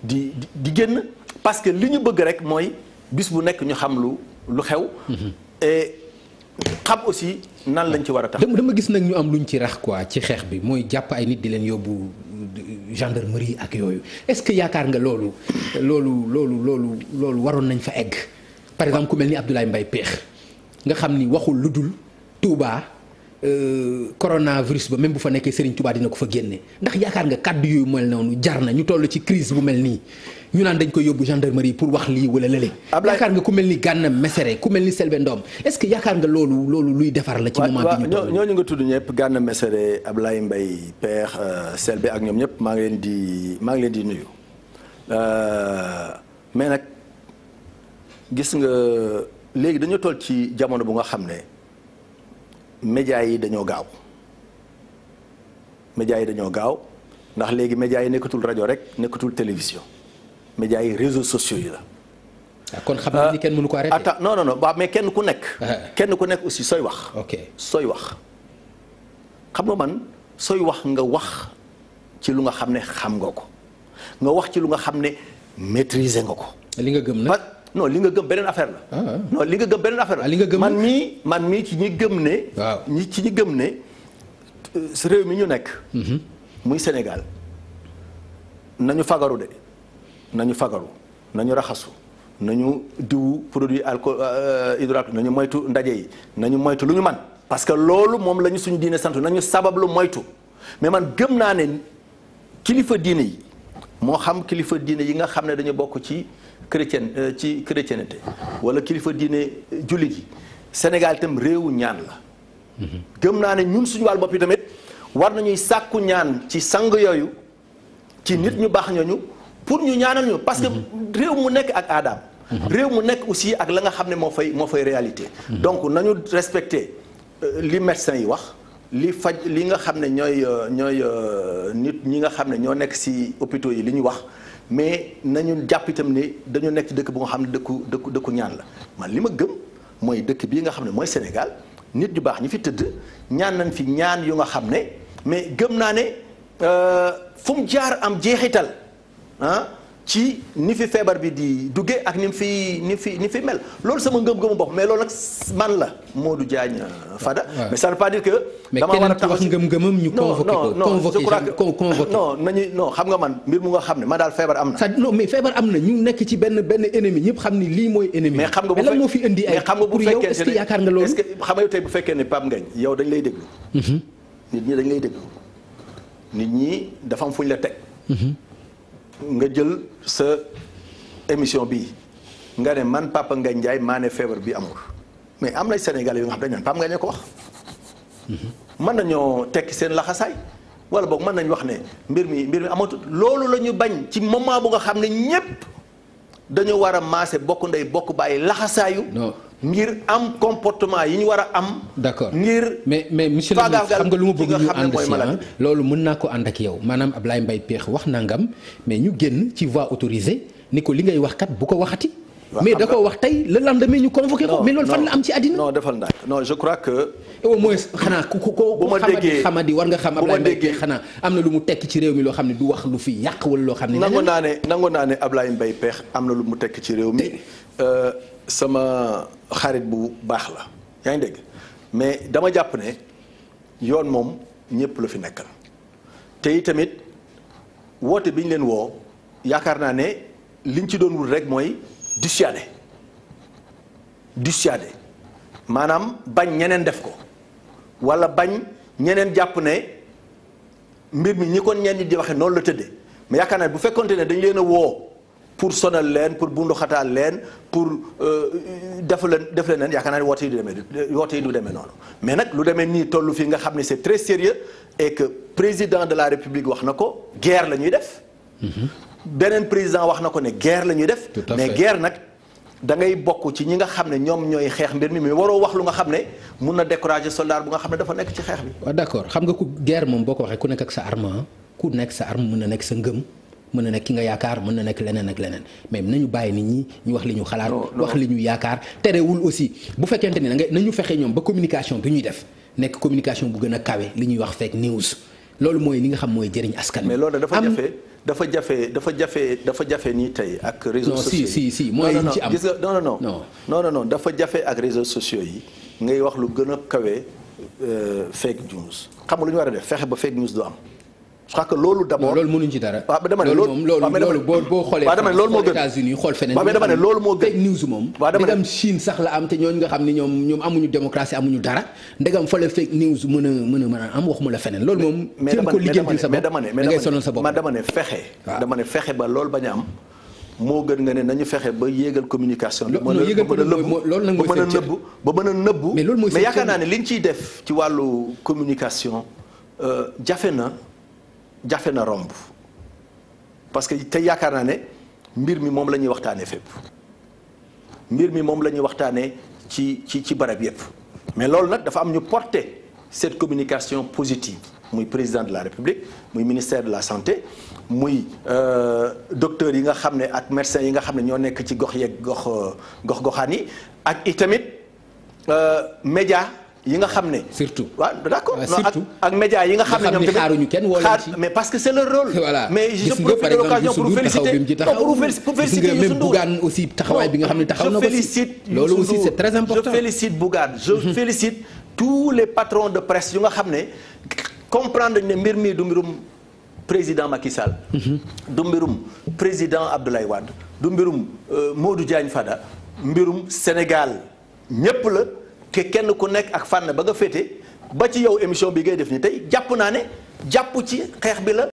di di génn parce que li ñu bëgg rek mooy bis bu nekk ñu xam lu lu xew. Mhm. et xam aussi nan lañ ci war a tax. dama gis nag ñu am luñ ci rax quoi ci xeex bi mooy jàpp ay nit di leen yóbbu gendarmerie ak yooyu est-ce que yaakaar nga loolu loolu loolu loolu loolu waroon nañ fa egg. par exemple ku mel ni Abdoulaye Mbaye Pekh nga xam ni waxul lu dul Touba. Euh, coronavirus ba même bu fa nekkee Serigne Touba dina ko fa génne ndax yaakaar nga kàddu yooyu mel noonu jar na ñu toll ci crise bu mel nii ñu naan dañ koy yóbbu gendarmerie pour wax lii wala lële. yaakaar nga ku mel ni Gana Messere ku mel ni Selbé Ndom est-ce que yaakaar nga loolu loolu luy defar la. ci moment bi ñu toll ñooñu nga tudd ñëpp Gana Messere Ablaye Mbaye Père euh, Selbé ak ñoom ñëpp maa ngi leen di maa ngi leen di nuyu euh, mais nag gis nga léegi dañoo toll ci jamono bu nga xam ne. médias yi dañoo gaaw médias yi dañoo gaaw ndax léegi médias yi nekkatul rajo rek nekkatul télévision médias yi réseaux sociaux yi la. Ah, kon xam nga ni kenn mënu ko arrêté. attends non non non waaw kenn ku nekk. Ah, ah. kenn ku nekk aussi sooy wax. ok sooy wax xam nga man sooy wax nga wax ci lu nga xam ne xam nga ko nga wax ci lu nga xam ne maîtriser nga ko. li nga gëm nag non li nga gëm beneen affaire la. Ah, ah. non li nga gëm beneen affaire la. Ah, man mii man mii ci ñi gëm ne. waaw ñi ci gëm ne réew mi ñu nekk. Mhm. muy Sénégal nañu fagaru de nañu fagaru nañu raxasu nañu diwu produit alcool euh, euh, hydroalcoolique nañu moytu ndaje yi nañu moytu lu ñu man parce que loolu moom lañu suñu diine sant nañu sabablu moytu mais man gëm naa ne kilifa diine yi moo xam kilifa diine yi nga xam ne dañu bokk ci. chrétien euh, ci chrétienté wala kilifa diine euh, jullit yi Sénégal itam réewu ñaan la. gëm naa ne ñun suñu wàll bopp tamit war nañuy sàkku ñaan ci sang yooyu ci nit ñu baax ñooñu pour ñu ñaanal ñu. parce que réew mu nekk ak aadaam. réew mu nekk aussi ak la nga xam ne moo fay moo fay réalité. donc nañu respecté euh, li médecin yi wax. li faj li nga xam ne ñooy ñooy nit ñi nga xam ne ñoo nekk si hôpitaux yi li ñu wax. mais nañu jàpp itam ne dañu nekk dëkk bu nga xam ne dëkku dëkku dëkku ñaan la man li ma gëm mooy dëkk bii nga xam ne mooy Sénégal nit yu baax ñu fi tëdd ñaan nañ fi ñaan yu nga xam ne mais gëm naa ne euh, fu jaar am jeexital ah. ci ni fi feebar bi di duggee ak ni mu fi ni fi ni fi mel loolu sama ngëm-ngëmu bopp mais loolu nag man la Modou Diagne ah, Fada. mais ça ne pas dire que. dama war a taxaw ci ngëm-ngëmam ñu. convoqué ko convoqué non nañu non xam nga man mbir mu nga xam ne ma daal feebar am na. non mais feebar am na ñu nekk ci benn benn ennemi ñëpp xam ni lii mooy ennemi. mais xam nga bu fekkee lan moo fi indi ay. pour yow ne Pape Ngagne yow dañ lay déglu. Mhm. nit ñi dañ lay déglu nit ñi dafa am fuñ la teg mhm. nga jël sa émission bi nga ne man Papa Ngagne Ndiaye maane ne feebar bi amul mais am nay sénégal yu nga xam dañ naan Papa Ngagne ko wax mhm. mën nañoo tekki seen laxasaay wala boog mën nañu wax ne mbir mi mbir mi amatul loolu lañu bañ ci moment bu nga xam ne ñépp dañoo war a maase bokk ndey bokk bàyyi laxasaayu ngir am comportement yi ñu war a am. d'accord ngir. mais mais monsieur le ministre nga lu ma bëgg ñu ànd si ah, loolu mën naa ko ànd ak yow maanaam Ablaye Mbaye Pekh wax ngam mais ñu génn ci voie autorisé ni ko li ngay wax kat bu ko waxati. mais da ko wax tey la lendemain ñu convoqué ko. mais loolu fan la am ci àddina. non defal ndànk que. au moins xanaa ku ku ku xamadi xamadi war nga xam. bu ma déggee xanaa am na lu mu tekk ci réew mi loo xam ne du wax lu fi yàq wala loo xam ne. nangu naa ne nangu naa ne Ablaye Mbaye Pekh am na lu mu tekk ci réew mi sama xarit bu baax la yaa ngi dégg mais dama jàpp ne yoon moom ñëpp la fi nekkal tey tamit woote bi ñu leen woo yaakaar naa ne liñ ci doon wut rek mooy dissuader dissuader maanaam bañ ñeneen def ko walla bañ ñeneen jàpp ne mbir mi ñi ko ñenn di waxe noonu la tëddee mais yaakaar naa bu fekkonte ne dañu leen a woo. pour sonal leen pour bunduxataal leen pour euh, def leen def leen yaakaar naa ne woote yi du demee du demee noonu mais nag lu demee nii toll fii nga xam ne c'est très sérieux et que président de la république wax na ko guerre la ñuy def mhm. beneen président wax na ko ne guerre la ñuy def mais guerre nag da ngay bokk ci ñi nga xam ne ñoom ñooy xeex mbir mi mais waroo wax lu nga xam ne mun na décourager soldat bu nga xam ne dafa nekk ci xeex bi waaw d'accord xam nga ku guerre moom boo ko waxee ku nekk ak sa arme ku nekk sa arme mën na nekk sa ngëm mën na nekk ki nga yaakaar mën na nekk leneen ak leneen mais nañu bàyyi nit ñi ñu wax li ñu xalaat wax li ñu yaakaar terewul aussi bu fekkente ni da nga nañu fexe ñoom ba communication bi ñuy def nekk communication bu gën a kawe li ñuy wax fake news loolu mooy li nga xam mooy jëriñ askan mais loolu dafa jafe dafa jafe dafa jafe dafa jafe nii tey ak réseaux sociaux si si si mooy ñu am gis nga non non non dafa jafe ak réseaux yi ngay wax lu gën a kawe euh, fake news xam nga lu ñu war a def fexe ba fake news du am je crois que loolu d'abord loolu mënuñ ci dara. waaw dama ne loolu loolu loolu boo boo xoolee. waaw dama ne loolu moom. a a mën a am waxuma la feneen. loolu moom jéem ko a moo gën nga ne nañu fexe ba yéegal communication bi mën a ba mën a nëbb ba mën a nëbb mais def ci wàllu communication euh, jafe na jafe na romb parce que te yaakaar naa ne mbir mi moom la ñuy waxtaanee fépp mbir mi moom la ñuy waxtaanee ci ci ci barab yépp mais loolu nag dafa am ñu porte cette communication positive muy président de la république muy ministère de la santé muy euh, docteur yi nga xam ne ak médecins yi nga xam ne ñoo nekk ci gox yeeg gox euh, gox goxaan yi ak itamit euh, média yi nga xam ne. surtout waaw d'accord ah, surtout ak média yi nga xam ne ñoom tamit xaaruñu kenn woo leen ci mais parce que c'est leur rôle. voilà mais je profite de l'occasion pour féliciter pour féliciter Youssou Ndour taxawaay bi nga xam ne taxaw na ko si loolu aussi c'est très important je félicite Bougane je mhm. félicite tous les patrons nga xam ne comprendre ne mbir du mbirum président Macky Sall. Mhm. du mbirum président Abdoulaye Wade du mbirum euh, Modou Diagne Fada mbirum Sénégal ñépp la. ke kenn ku nekk ak fànn ba nga féete ba ci yow émission bi ngay def ni tey jàpp naa ne jàpp ci xeex bi la